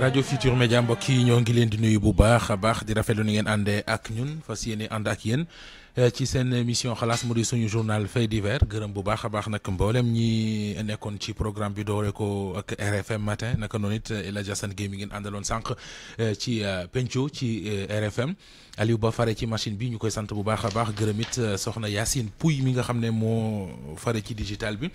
Radio Futur media mbokk yi ñoo ngi leen di nuyu bu baax a baax di rafetlu ni ngeen àndee ak ñun fas yéene ànd eh, ci seen émission xalaas mu suñu journal fait divers gërëm bu baax a baax nag mboolem ñi nekkoon ci programme bi doore ko ak RFM matin naka noonu it El gaming Assane mi ngeen àndaloon sànq eh, ci eh, penco ci RFM Aliou Ba fare ci machine bi ñu koy sant bu baax a baax gërëm it soxna Yacine Pouy mi nga xam ne moo ci digital bi.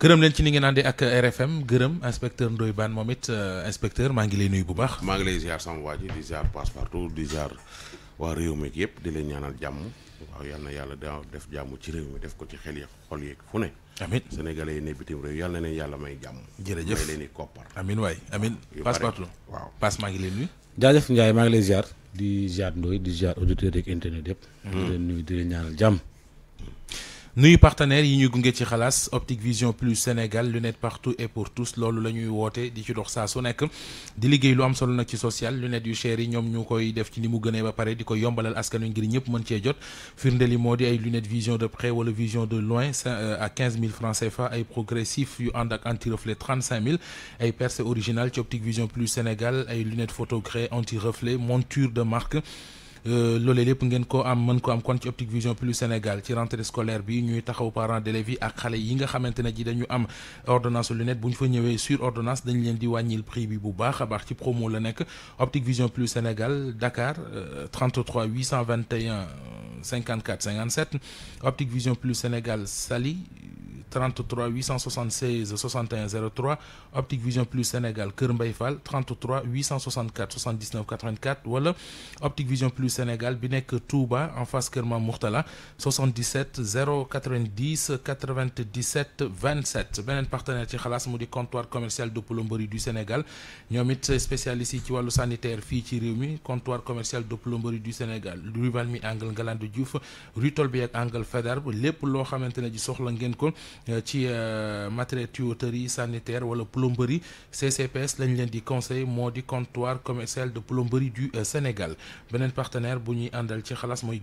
gërëm leen ci ni ngeen di ak RFM gërëm inspecteur Ndoye Bane moom it euh, inspecteur maa ngi lay nuyu bu baax. maa ngi lay ziar sama waa ji di ziar passe partout waa réew yëpp di leen ñaanal jàmm waaw yal yàlla da def jàmm ci réew mi def ko ci xel yi xol yeeg fu ne. amin sénégalais yi ne bitim réew yal na leen yàlla may jàmm. jërëjëf may leen i koppar. amin waay amin passe partout waaw passe maa ngi lay nuyu. jaajëf Ndiaye maa ngi lay ziar di ziar Ndoye di auditeurs yeeg internet yëpp. Mm-hmm. leen nuyu di leen ñaanal jàmm nuyu partenaires yi ñuy gunge ci Optique Vision Plus Sénégal lunettes partout et pour tous loolu la ñuy woote di ci dox saa su nekk di liggéey lu am solo nag ci social lunette yu cher yi ñoom ñu koy def ci ni mu gënee ba pare di ko yombalal askan wi ngir ñëpp mën cee jot ay vision de près wala vision de loin euh, à 15 000 francs CFA ay progressif yu anti reflet 35 000 ay percées originales ci Optique Vision Plus Sénégal ay lunettes photo gré anti reflet monture de marque. Euh, loolee lépp ngeen ko am mën ko am kon ci Optique Vision Plus Sénégal ci rentrée scolaire bi ñuy taxaw parents d'élèves yi ak xale yi nga xamante ne ji dañu am ordonnance lunette buñ fa ñëwee sur ordonnance dañ leen di wàññil prix bi bu baax baax ci promo la nekk Optique Vision Plus Sénégal Dakar 33 821 54 57 Optique Vision Plus Sénégal Sali. 33 876 61 03 Optique Vision Plus Sénégal Kër 33 864 79 84 voilà Optique Vision Plus Sénégal Binek Touba en face Kerman Murtala 77 090 97 27 Benen partenaire comptoir commercial de plomberie du Sénégal Nyomit spécialiste ci sanitaire Fiti ci comptoir commercial de plomberie du Sénégal rue Valmy angle de Diouf rue angle Faidherbe lépp loo du euh, ci euh, matériel tuyauterie sanitaire wala plomberie CCPS lañ leen di conseil moo du comptoir commercial de plomberie du euh, Sénégal benen partenaire bu ñuy andal ci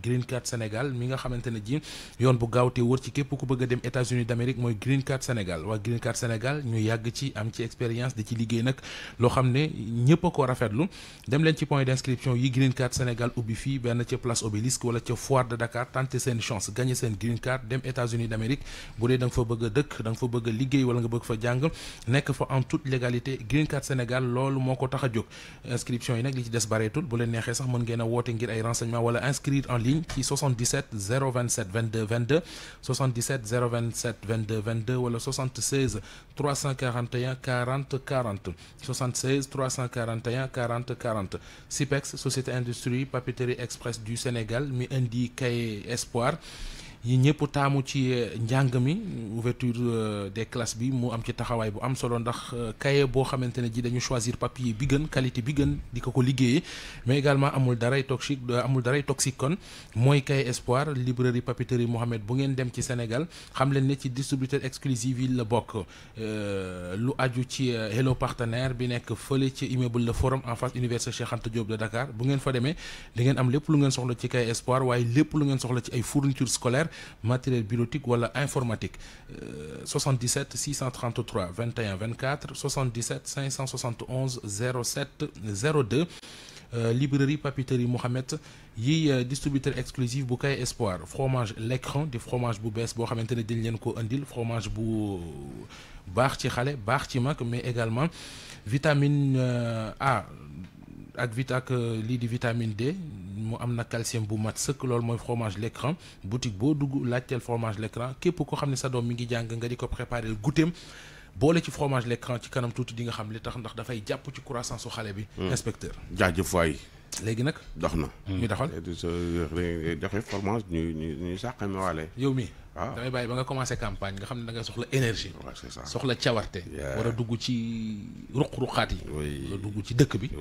Green Card Sénégal mi nga xamantene ji yoon bu gaaw te wër ci képp ku bëgg États-Unis d'Amérique moy Green Card Sénégal wa Green Card Sénégal ñu yàgg ci am ci expérience di ci liggéey nak lo xamné ne ko rafetlu dem leen ci point d'inscription yi Green Card Sénégal ou fi ben ci place Obélisque wala ci foire de Dakar tenter sen chance gagner sen Green Card dem États-Unis d'Amérique bu dee bëgg dëkk da nga fa bëgg liggéey wala en toute légalité Green Card Sénégal loolu moo inscription yi nag li ci des bareetul bu leen en ligne qui 77 027 22 22 77 027 22 22 le 76 341 40 40 76 341 40 40 SIPEX société industrie papeterie express du Sénégal mi indi Kaye Espoir yi ñëpp taamu ci euh, njàng mi ouverture euh, des classes bi mu am ci taxawaay bu am solo ndax euh, cahier boo xamante ne ji dañu choisir papier bi gën qualité bi gën di ko ko liggéeyee mais également amul daray toxique amul daray toxique kon mooy cahier espoir librairie papeterie Mohamed bu ngeen dem ci Sénégal xam leen ne ci distributeur exclusive yi la bokk lu aju ci hello partenaire bi nekk fële ci immeuble le forum en face université Cheikh Anta Diop de Dakar bu ngeen fa demee da ngeen am lépp lu ngeen soxla ci cahier espoir waaye lépp lu ngeen soxla ci ay fournitures scolaires matériel bureautique ou informatique 77 633 21 24 77 571 07 02 librairie papeterie Mohamed yi euh, distributeur exclusif bouquet Espoir fromage l'écran des fromage boubès, fromage bou baax ci xale mais également vitamine euh, A ak que euh, de vitamine D mu am na calcium bu mat sëkk loolu mooy fromage l'écran boutique boo dugg laajteel fromage l'écran képp ko xam ne sa doom mi ngi jàng nga di ko préparer goûteem boole ci fromage l'écran ci kanam tuuti di nga xam li tax ndax dafay jàpp ci croissance su xale bi. Hmm. inspecteur jaajëf waay. léegi nag. dox na. ñu doxal. Eh, eh, joxe fromage ñu ñu ñu sàqame waale. yow mi Ah. damay bàyyi ba nga commencé campagne nga xam ne da nga soxla énergie soxla cawarte war a dugg ci ruq-ruqaat yi war a dugg ci dëkk bi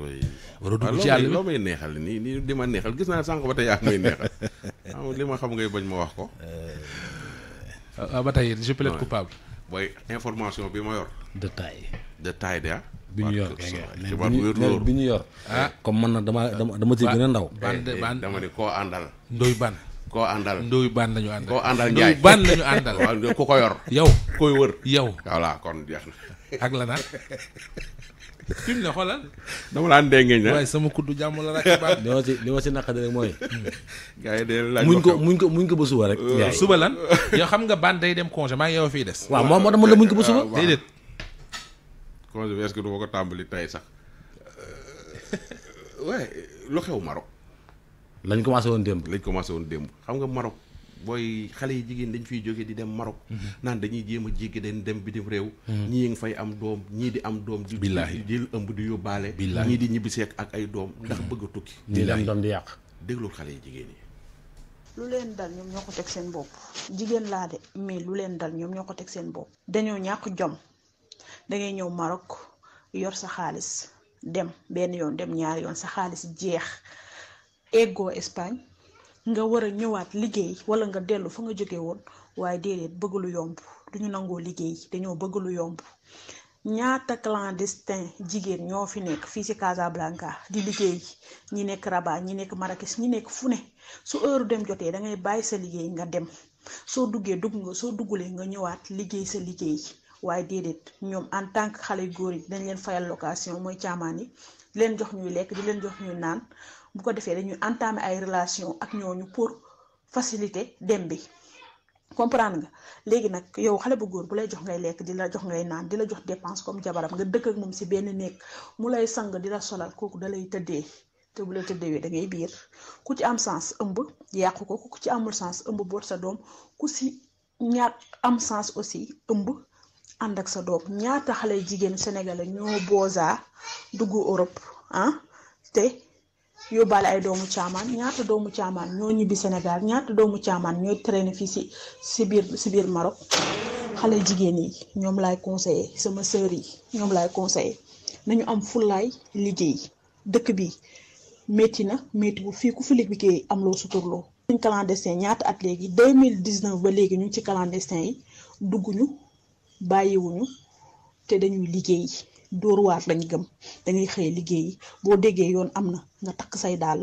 war a dugg ci àll bi loo may neexal nii nii di ma neexal gis naa sànq ba tey yaa may neexal am li ma xam ngay bañ ma wax ko waaw ba tey je plaide coupable booy information bi ma yor de taille de bi ñu yor bi ñu yor comme man dama dama dama ci gën a ndaw dama ne koo àndal ndoy ban koo andal, nduy ban lañu andal, koo àndal njaay ban lañu àndal waaw ko yor yow koy wër yow kon jeex ak la naan fi mu ne xoolal dama laa ndengeñ na waaye sama kuddu jàmm la rek baax li ma li ma rek muñ ko muñ ko muñ ko rek suba lan yow xam nga ban day dem congé maa yow fii des waaw moom moo tax la muñ ko ba suba congé ko sax ouais lu xew marok. lañ commencé woon démb. lañ commencé woon démb xam nga Maroc booy xale yi jigéen dañ fiy jóge di dem Maroc. Mhm. naan dañuy jéem a jéggi dañ dem bitim réew. Mhm. ñii ngi fay am doom ñii di am doom. billaahi di ëmb di yóbbaale. billaahi ñii di ñibbiseek ak ay doom. ndax bëgg a tukki. di dem doom di yàq. déglu xale yi jigéen yi. lu leen dal ñoom ñoo ko teg seen bopp jigéen laa lu leen dal ñoom ñoo ko teg seen bopp. dañoo ñàkk jom dangay ñëw marok yor sa xaalis dem benn yoon dem ñaar yoon sa xaalis jeex. eggoo Espagne nga war a ñëwaat liggéey wala nga dellu fa nga jóge woon waaye déedéet bëgg lu yomb ñu nangoo liggéey dañoo bëgg lu yomb ñaata clandestin jigéen ñoo fi nekk fii ci Casablanca di liggéey ñi nekk Rabat ñi nekk Marrakech ñi nekk fu ne su heure dem jotee da ngay bàyyi sa liggéey nga dem soo duggee dugg nga soo duggulee nga ñëwaat liggéey sa liggéey waaye déedéet ñoom en tant que xale góor yi dañ leen fayal location mooy caamaan yi leen jox ñuy lekk di leen jox ñuy naan bu ko defé dañuy entamer ay relation ak ñooñu pour faciliter dem bi comprendre nga légui nak yow xalé bu goor bu lay jox ngay lek di jox ngay naan di jox dépense comme jabaram nga dekk ak mom si ben nek mu lay sang di solal koku dalay teddé té te bu la wé da ngay biir ku ci am sens ëmb yaq ko ku ci amul sens ëmb boot sa dom ku ci ñaat am sens aussi ëmb and ak sa dom ñaata xalé jigen sénégalais ñoo boza dugu europe hein ah? té yóbbaale ay doomu caamaan ñaata doomu caamaan ñoo ñibbi Sénégal ñaata doomu caamaan ñooy traîner fii si si biir si biir xale jigéen yi ñoom laay conseillé sama sœur yi ñoom laay conseillé nañu am fullaay liggéey dëkk bi metti na métti bu fii ku fi liggéey am loo suturloo. suñ clandestin ñaata at léegi 2019 ba léegi ñu ci destin yi dugguñu bàyyiwuñu te dañuy liggéey. dóor waar lañ gëm dañuy xëyee liggéey boo déggee yoon am na nga takk say dàll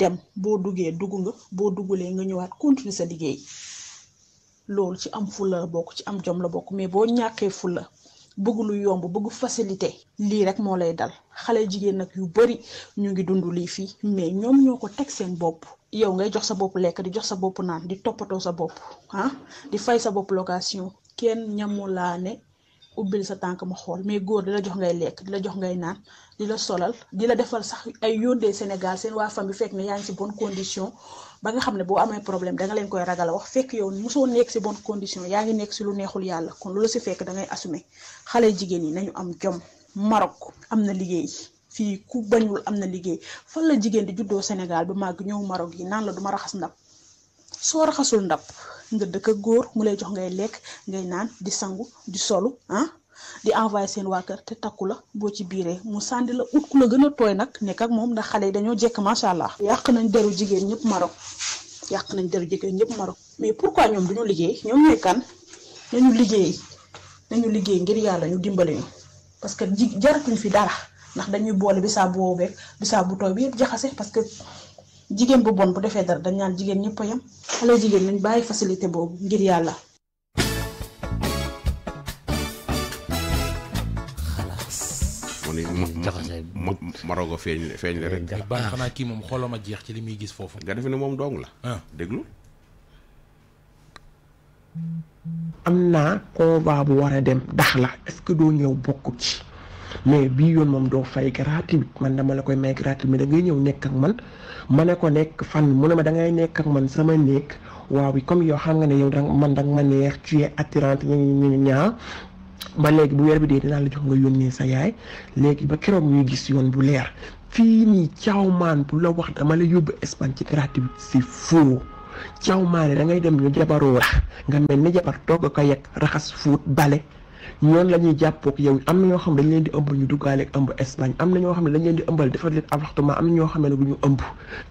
dem boo duggee dugg nga boo duggulee nga ñëwaat continuer sa liggéey loolu ci am fulla la bokk ci am jom la bokk mais boo ñàkkee fulla bëgg lu yomb bëgg facilité lii rek moo lay dal xale jigéen nag yu bari ñu ngi dund lii fii mais ñoom ñoo ko teg seen bopp yow ngay jox sa bopp lekk di jox sa bopp naan di toppatoo sa bopp ah di fay sa bopp location kenn ñamulaane ubbil sa tànk ma xool mais góor di jox ngay lekk di la jox ngay naan di la solal di la defal sax ay yóndee Sénégal seen waa famille fekk ne yaa ngi ci bonne condition ba nga xam ne boo amee problème danga leen koy ragal a wax fekk yow mosoo nekk ci bonne condition yaa ngi nekk ci lu neexul yàlla kon lu la ci fekk dangay assumer xale jigéen yi nañu am jom Maroc am na liggéey fii ku bañul am na liggéey fan la jigéen di juddoo Sénégal ba màgg ñëw Maroc yi naan la duma raxas ndab soo raxasul ndab nga dëkk góor mu lay jox ngay lekk ngay naan di sangu di solu ah di envoyé seen waa kër te takku la boo ci biiree mu sàndi la ut ku la gën a tooy nag nekk ak moom ndax xale yi dañoo jekk macha allah. yàq nañ deru jigéen ñëpp ma yàq nañ deru jigéen ñëpp Maroc mais pourquoi ñoom duñu liggéey ñoom ñooy kan nañu liggéey nañu liggéey ngir yàlla ñu dimbali ñu parce que ji jaratuñ fi dara ndax dañuy boole bisaab bu wow bisaab bu tooy bi yëpp jaxase parce que jigen bu bon bu defé dara dañ naan jigen ñepp yam xalé jigen lañ baye facilité fein ngir yalla jaxase marogo feeñ feeñ la rek baax xanaa kii moom jeex ci gis nga dong la ah. déglu am naa combat bu war dem dax la est ce que do ñew bokku ci mais bii yoon moom doo fay gratuite man dama la koy may gratuite mais da ngay ñëw nekk ak man ma ne ko nekk fan mu ne ma da ngay nekk ak man sama nekk waaw bi comme yow xam nga ne yow da man da ma neex tu es attirante ñu ñaa ba léegi bu weer bi dee dinaa la jox nga yoon yónnee sa yaay léegi ba keroog ñuy gis yoon bu leer fii nii caawmaan bu la wax dama la yóbbu Espagne ci gratuite c'est faux caawmaan da ngay dem ñu jabaroo rax nga mel ni jabar togg ko yegg raxas fuut bale yoon la ñuy jàppoog yow am na ñoo xam dañ leen di ëmbal ñu duggaale ak ëmb Espagne am na ñoo xam ne dañ leen di ëmbal defal leen appartement am na ñoo xam ne du ñu ëmb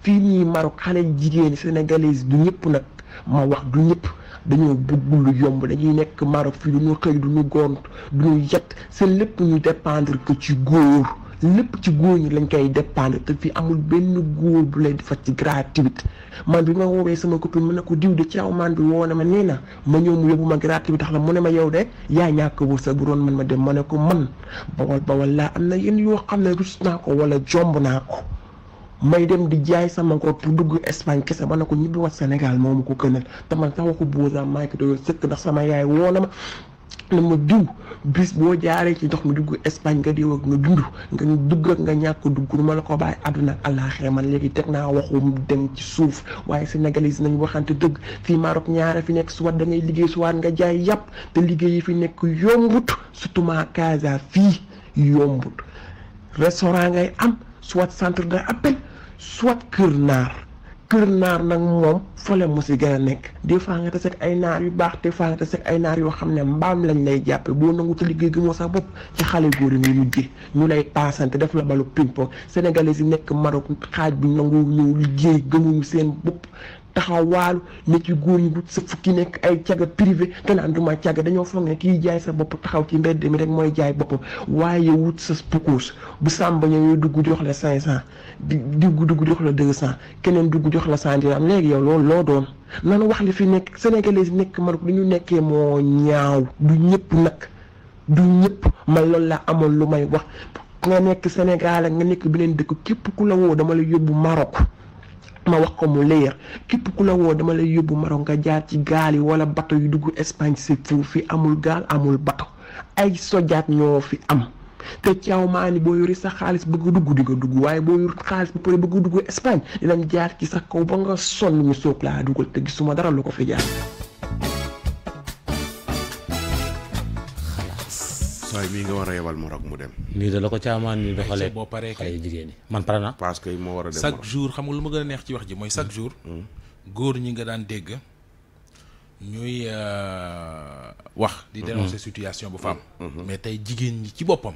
fii nii Maroc xale jigéen sénégalais du ñëpp nag ma wax du ñëpp dañoo bëgg lu yomb dañuy nekk Maroc fii du ñu xëy du ñu gont du ñu yet seen lépp ñu dépendre que ci góor. lépp ci góor ñi lañ koy dépendre te fii amul benn góor bu lay defar ci gratuite man bi ma woowee sama copine mu ne ko diw de caaw man bi woo na ma na ma ñëw ma gratuite tax la mu ne ma yow de yaa ñàkk wërsëg bu doon man ma dem ma ne ko man bawal bawal laa am na yenn yoo xam ne rus naa ko wala jomb naa ko may dem di jaay sama ngor pour dugg Espagne kese ma ne ko ñibbi wat Sénégal moomu ko gënal te man sax waxu Bouza maa ngi sëkk ndax sama yaay woo ma. na ma diw bis boo jaaree ci ndox mi dugg Espagne nga diw ak nga dund nga dugg ak nga ñàkk dugg du ma la ko bàyyi àdduna ak àllaaxira man léegi teg naa waxum dem ci suuf waaye sénégalais nañu waxante dëgg fii Maroc ñaare fi nekk suwat da ngay liggéey suwaat nga jaay yàpp te liggéey yi fi nekk yombut surtout ma Casa fii yombut restaurant ngay am soit centre d'appel soit kër naar kër naar nag moom folem mu si gën a nekk des fois nga taseeg ay naar yu baax des fois nga taseeg ay naar yoo xam ne mbaam lañ lay jàppe boo nangu ci liggéey gi moo sax bopp ci xale góor yi nga mujjee ñu lay paasante def la balu ping pong sénégalais si nekk Maroc xaaj bi nangu ñu liggéey gëmuñu seen bopp taxawaalu ne ci góor ñi wut sa fukki nekk ay caga privé te naan du ma caga dañoo foog ne kiy jaay sa bopp taxaw ci mbedd mi rek mooy jaay boppam waaye wut sa pukuus bu sàmba ñëwee dugg jox la cinq cent di dugg dugg jox la deux cent keneen dugg jox la cent léegi yow loolu loo doon nan wax li fi nekk sénégalais nekk man lu ñu nekkee moo ñaaw du ñëpp nag du ñëpp man loolu laa amoon lu may wax nga nekk Sénégal nga nekk beneen dëkk képp ku la woo dama la yóbbu Maroc ma wax ko mu leer képp ku la woo dama lay yóbbu ma Maroc nga jaar ci gaal yi wala bato yu dugg Espagne c'est fou amul gaal amul bato ay sojaat ñoo fi am te caaw maa ni boo yori sa xaalis bëgg dugg di nga dugg waaye boo yor xaalis ba pare bëgg dugg Espagne dinañ jaar ci sa kaw ba nga sonn ñu soog laa dugal te gisuma dara lu ko fi jaar. faay mii nga war a yebal Maroc mu dem. nii de ko caamaan ni doxalee boo paree kay jigéen ñi man pare naa. parce que moo war a dem chaque jour xam nga lu ma gën a wax hmm. Hmm. góor ñi nga daan dégg ñuy euh, wax. di hmm. dénoncer situation bu femme. mais tey jigéen ñi ci boppam.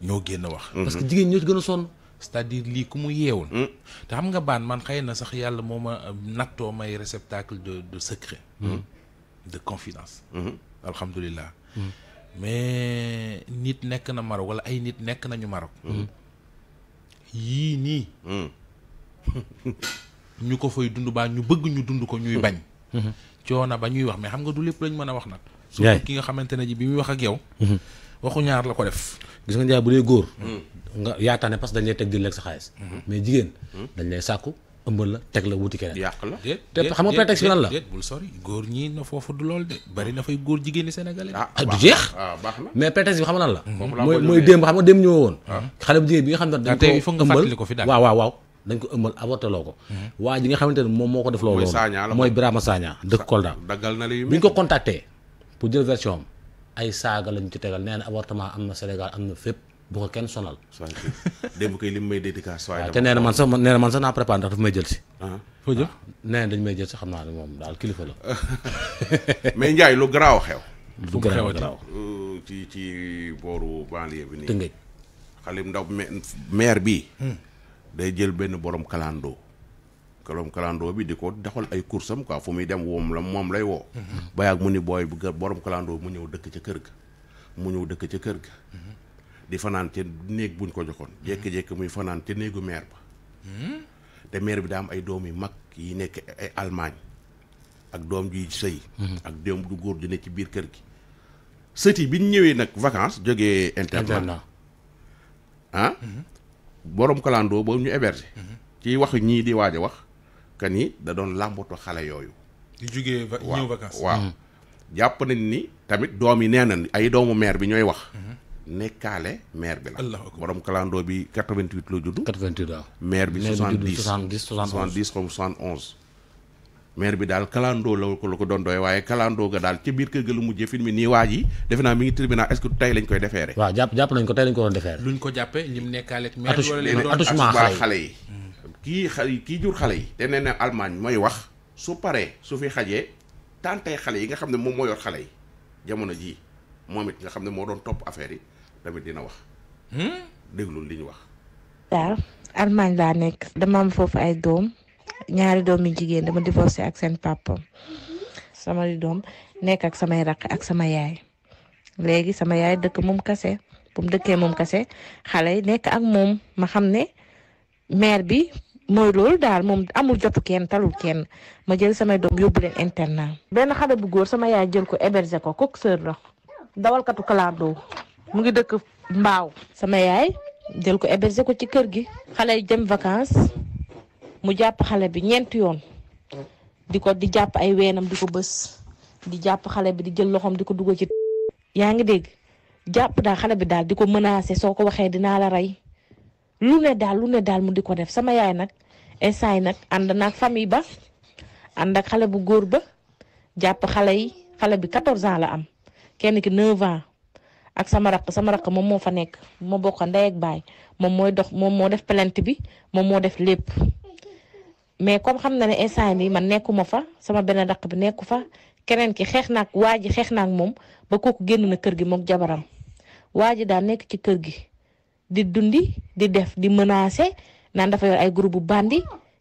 ñoo génn wax. parce que jigéen ñi ñoo gën a sonn. cest à lii ku mu yeewul. te xam nga baan man xëy na sax yàlla moo ma euh, nattoo may réceptacle de de secret. de confidence. alhamdulilah. mais nit nekk na Maroc wala ay nit nekk nañu Maroc. Mhm. yii nii. Mhm. ñu ko fay dund baa ñu bëgg ñu dund ko ñuy mhm. bañ. coono ba ñuy wax mais xam nga du lépp lañ mën a wax nag. su ki nga xamante ne ji bi muy wax ak yow. waxu ñaar la ko def. gis nga njaay bu dee góor. nga yaa ne parce que dañ lay teg di lekk sa xaalis. mais jigéen. dañ lay sàkku. ëmbal la teg la wuti keneen. te xam nga prétexte bi lan la. bul góor ñi na foofu du lool de bari na fay góor jigéen ñi sénégalais. ah, ah du jeex. Ah, baax na mais prétexte bi xam nga lan la. mooy mooy démb xam nga démb ñëwoo woon. Ah. xale bu jigéen bi nga xam ne dañ ko ëmbal fi daal waaw waaw waaw. dañ ko ëmbal avorté loo ko. Hmm. waa ji nga xamante ne moom moo ko def. loolu loolu mooy Birama Sagna dëkk Kolda. daggal na la yu bi ñu ko contacté pour jël version am ay saaga lañ ci tegal nee na avortement am na senegal am na fépp bu ko kenn sonal. démb koy lim may dédicace. waaye te nee na man sax man nee na man sax naa préparé ndax daf may jël si. Ah. foo jël ah. dañ may jël si xam naa ne moom daal kilifa la. mais Ndiaye lu garaaw xew. lu garaaw garaaw euh, ci ci booru banlieue bi nii. Tëngéej xale ndaw maire bi hmm. day jël benn borom kalandoo. kolom kalandoo bi di ko doxal ay kursam quoi fu muy dem woom la moom lay woo. Hmm. ba mu ni booy bu borom kalandoo mu ñëw dëkk ca kër ga. mu ñëw dëkk ca kër ga. Hmm. di fanaan te néeg buñ ko joxoon hmm. jékki-jékki muy fanaan te néegu maire ba hmm? te maire bi daa am ay doom yu mag yi nekk ay Allemagne ak doom juy sëy hmm. ak doom du góor di ne ci biir kër gi sëti biñ ñëwee nag vacances jógee internat ah borom kalandoo boobu ñu hébergé ci wax ñii di waaj a wax que ni da doon làmbatu xale yooyu di jógee ñëw vacances waaw jàpp nañ ni tamit doom yi nee na ay doomu maire bi ñooy wax nekkaale maire bi la. borom kalandoo bi 88 la judd. 88 waaw maire bi. 70 70 70 comme 71. maire bi daal kalandoo la ko la ko doon doy waaye kalandoo ga daal ca biir kër ga lu mujjee film mi nii waa ji defe naa mi ngi tribunal est-ce que tey lañ koy defeere waaw jàpp jàpp nañ ko tey lañ ko doon defeere luñ ko jàppee ñim nekkaale ak maire wala attouchement xale yi kii xale kii jur xale yi te nee na Allemagne mooy wax su paree su fi xajee tàntey xale yi nga xam ne moom moo yor xale yi jamono jii moom it nga xam ne moo doon topp affaire yi tamit dina wax. Hmm? déglul li laa nekk dama am foofu ay doom ñaari doom yu jigéen dama divorcé ak seen papa sama doom nekk ak samay raq ak sama yaay léegi sama yaay dëkk moom kase bu dëkkee moom kase xale yi nekk ak moom ma xam ne maire bi mooy loolu daal moom amul jotu kenn talul kenn ma jël samay doom yóbbu leen internat. benn xale bu góor sama yaay jël ko héberger ko coxeur la dawalkatu kalaandoo. mu ngi dëkk mbaaw sama yaay jël ko héberger ko ci kër gi xale yi dem vacances mu jàpp xale bi ñeenti yoon di ko di jàpp ay weenam di ko bës di jàpp xale bi di jël loxoom di ko dugal ci yaa ngi dégg jàpp daal xale bi daal di ko menacer soo ko waxee dinaa la rey lu ne daal lu ne daal mu di ko def sama yaay nag instant yi nag ànd naag famille ba ànd ak xale bu góor ba jàpp xale yi xale bi 14 ans la am kenn ki 9 ans ak sama raq sama rakk moom moo fa nekk ma bokk ndey ak baay moom mooy dox moom moo def plainte bi moom moo def lépp mais comme xam na ne instant bi man nekkuma fa sama benn rakk bi nekku fa keneen ki xeex naag waa ji xeex ak moom ba kooku génn na kër gi mook jabaram waa ji daal nekk ci kër gi di dundi di def di menacer naan dafa yor ay groupe bu bandi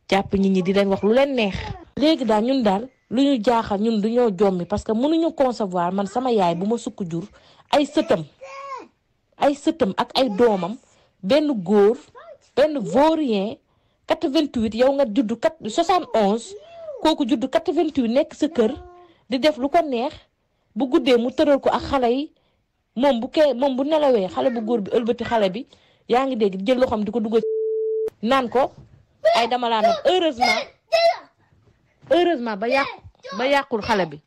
jàpp nit ñi di leen wax lu leen neex. léegi daal ñun daal lu ñu jaaxal ñun du ñoo jommi parce que mënuñu concevoir man sama yaay bu ma sukk jur ay sëtam ay sëtam ak ay doomam benn góor benn vaurien 88 yow nga judd 71 kooku judd 88 nekk sa kër di def lu ko neex bu guddee mu tëral ko ak xale yi moom bu kee moom bu nelawee xale bu góor bi ëlbati xale bi yaa ngi dégg jël loxoom di ko dugg naan ko ay dama laa nag heureusement ba yàqul xale bi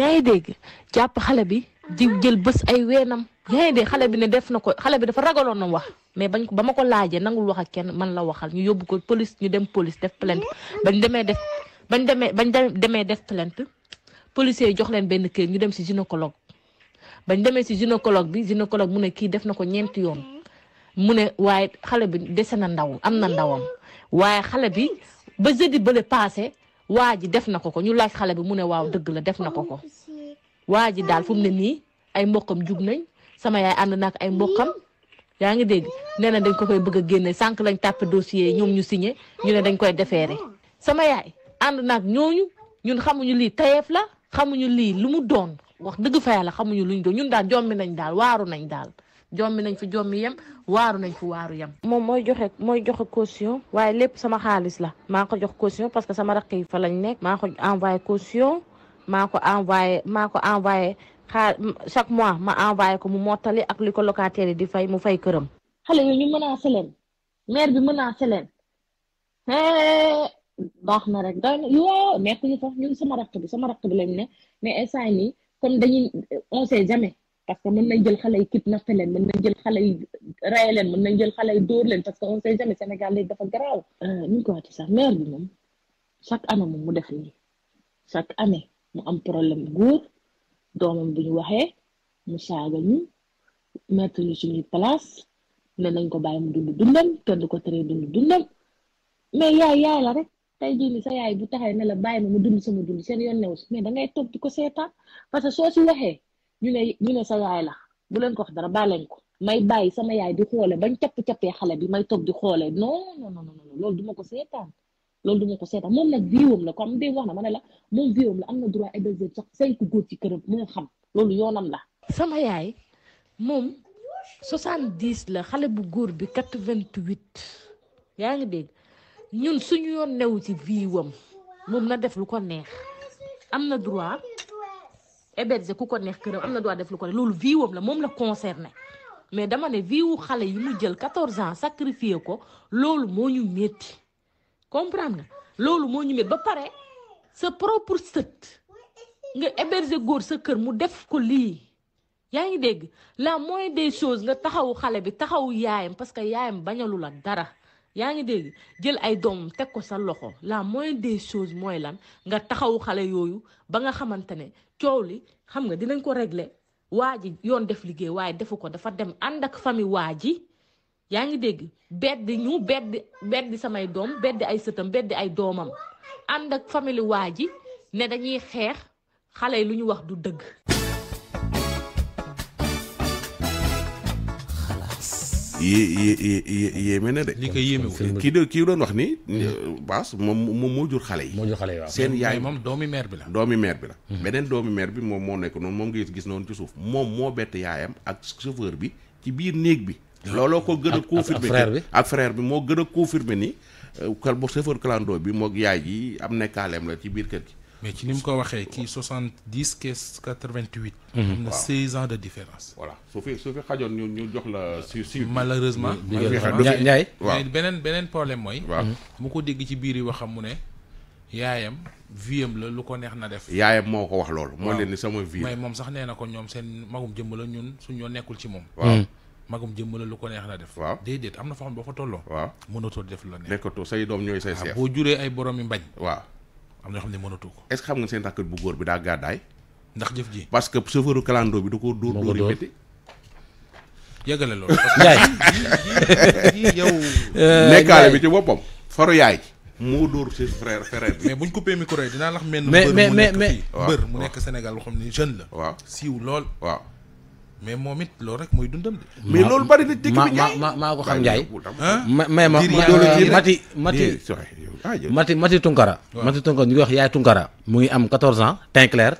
yaa ngi dégg jàpp xale bi ji jël bés ay weenam yaa ngi dégg xale bi ne def na ko xale bi dafa ragaloon na wax mais bañ ko ba ma ko laajee nangul wax ak kenn man la waxal ñu yóbbu ko police ñu dem police def plainte bañ demee def bañ demee bañ demee def plainte policiers yi jox leen benn kër ñu dem si gynécologue bañ demee si gynécologue bi gynécologue mu ne kii def na ko ñeenti yoon mu ne waaye xale bi dese na ndaw am na ndawam waaye xale bi ba jeudi bële paase waa ji def na ko ko ñu laaj xale bi mu ne waaw dëgg la def na ko ko. waa ji daal fu ne nii ay mbokkam jug nañ sama yaay ànd na ak ay mbokkam yaa ngi dégg nee na dañ ko koy bëgg a génne sànq lañ tàppe dossier ñoom ñu signé ñu ne dañ koy defeere sama yaay ànd na ñooñu ñun xamuñu lii tayeef la xamuñu lii lu mu doon wax dëgg fa yàlla xamuñu luñ doon ñun daal jommi nañ daal waaru nañ daal jommi nañ fi jommi yem waaru nañ fi waaru yem. moom mooy joxe mooy joxe caution waaye lépp sama xaalis la maa ko jox caution parce que sama rakk fa lañ nekk maa ko envoyé caution. maa ko envoyé maa ko envoyé xaar chaque mois ma envoyé ko mu mottali ak li yi di fay mu fay këram. xale yooyu ñu menacé leen maire bi menacé leen baax na rek doy na yoo nekk ñu sax sama rakk bi sama rakk bi lañ ne mais instant nii comme dañuy on sait jamais parce que mën nañ jël xale yi kidnappé leen mën nañ jël xale yi rey leen mën nañ jël xale yi dóor leen parce que on sait jamais Sénégal dafa garaaw. Euh, ñu ko waxee sax maire bi moom chaque année moom mu mu am problème góor doomam bu ñu waxee mu saaga ñu mettre ñu suñuy place ne nañ ko bàyyi mu dund dundam kenn du ko teree dund dundam mais yaay yaay la rek tey jii nii sa yaay bu taxee ne la bàyyi ma mu dund sama dund seen yoon new mais da ngay toog di ko seetaan parce que soo si waxee ñu ne ñu ne sa yaay la bu leen ko wax dara bàyyi leen ko may bàyyi sama yaay di xoolee bañ capp cappee xale bi may toog di xoolee non non loolu duma ko seetaan. loolu di ma ko seetaan moom nag viewam la comme day wax na ma ne moom viewam la am na droit héberger sax cinq góor ci këram mu xam loolu yoonam la. sama yaay moom soixante dix la xale bu góor bi quatre vingt huit yaa ngi dégg ñun suñu yoon newu ci viewam moom na def lu ko neex am na droit héberger ku ko neex këram am na droit def lu ko neex loolu viewam la moom la concerné. mais dama ne viwu xale yi mu jël 14 ans sacrifié ko loolu moo ñu métti comprendre nga loolu moo ñu ba pare sa propre sët nga héberger góor sa kër mu def ko lii yaa ngi dégg la moindre des choses nga taxawu xale bi taxawu yaayam parce que yaayam bañalu la dara yaa ngi dégg jël ay doomam teg ko sa loxo la moindre des choses mooy lan nga taxawu xale yooyu ba nga xamante ne coow li xam nga dinañ ko régler waa ji yoon def liggéey waaye defu ko dafa dem ànd ak famille waa ji yaa ngi dégg bedd ñu bedd beddi samay doom beddi ay sëtam beddi ay doomam ànd ak famille waa ji ne dañuy xeex xale yi lu ñu wax du dëgg. yéeme na de. li ko yéeme wu kii de kii doon wax ni. Euh, baas moom moom moo jur xale yi. moo jur xale seen yaay moom doomi meer bi la. doomi meer bi la. Hmm. beneen doomi meer bi moom moo nekk noonu moom nga gis noonu ci suuf moom moo bett yaayam ak chauffeur bi ci biir néeg bi. looloo ko gën a confirmé frère bi ak frère bi moo gën a confirmé ni euh, kal bu chauffeur clando bi moog yaay ji am nekkaaleem la ci biir kër gi mais ci ni mu ko waxee kii soixante dix kees quatre vingt huit. Mmh. am de différence. voilà su fi su fi xajoon ñu jox la si si. malheureusement Ndiaye waaw beneen beneen problème mooy. waaw mmh. mu ko dégg ci biir yi waxam mu ne. yaayam viam la lu ko neex na def. yaayam moo ko wax loolu. moo leen ni sama vie. mais moom sax nee na ko ñoom seen magum jëmm la ñun su ñoo nekkul ci moom. waaw mmh. magum jëmm la lu ko neex na def. waaw déedéet am na foo xam ne boo fa tolloo. waaw mënatoo def la neex. nekkatoo say doom ñooy say seef. Ah, boo juree ay borom yi mbañ. waaw am na xam ne mënatoo ko. est-ce que xam nga seen tàkk bu góor bi daa gàddaay. ndax jëf ji parce que chauffeuru clando bi du ko dóor dóor yu métti yëgale loolu. yaay yow. Euh, nekkaale bi ci boppam. faru yaay. moo dóor ses frères frères bi. mais buñ coupé micro yi dinaa lax mel. mais mais mais mbër mu nekk fii mbër mu nekk Sénégal lool waaw. mais momit lool rek moy dundam de. mais lool bari na dëkk bi Ndiaye ma ma ko xam hein? Ndiaye. ma ma ma Mati Mati. Ah, Mati Mati Tunkara. Mati Tunkara ñu wax Yaay Tunkara. mu ngi am 14 ans teint clair.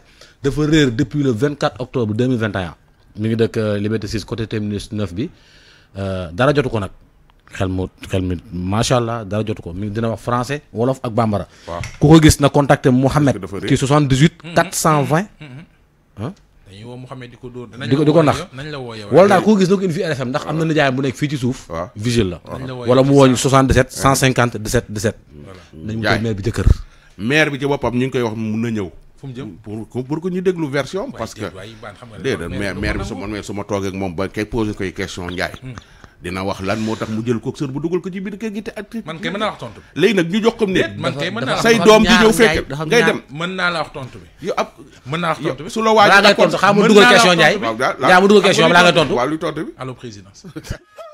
dafa réer depuis le 24 octobre 2021. mi ngi dëkk euh, Liberté 6 côté terminus 9 bi euh dara jotu ko nag. xel mo xel mi machallah dara jotu ko mi dina wax français wolof ak bambara. ku ko gis na contacter mohammed ci 78 420. Mm-hmm. dañuy woo Mouhamed di ko dóor di ko di ko nax koo gis na ko indi fi ndax am na nijaayam bu nekk fii ci suuf waaw la wala mu wooñ 77 150 17 17 nañ mu ko maire bi jëkkër maire bi ci boppam ñu ngi koy wax mun na ñëw pour pour ñu déglu version parce déedéet maire bi su ma su ma moom ba kay posé koy question Ndiaye hmm. dina wax lan moo tax mu jël ko sër bu dugal ko ci biir kër gi te ak man kay mën naa wax tontu bi léegi nag ñu jox ko néeg man kay mën naa say doom di ñëw fekk ngay dem mën naa la wax tontu bi yow ab mën naa wax tontu bi su la waaj laa ngay tontu xam dugal question Ndiaye waaw mu dugal question laa ngay tontu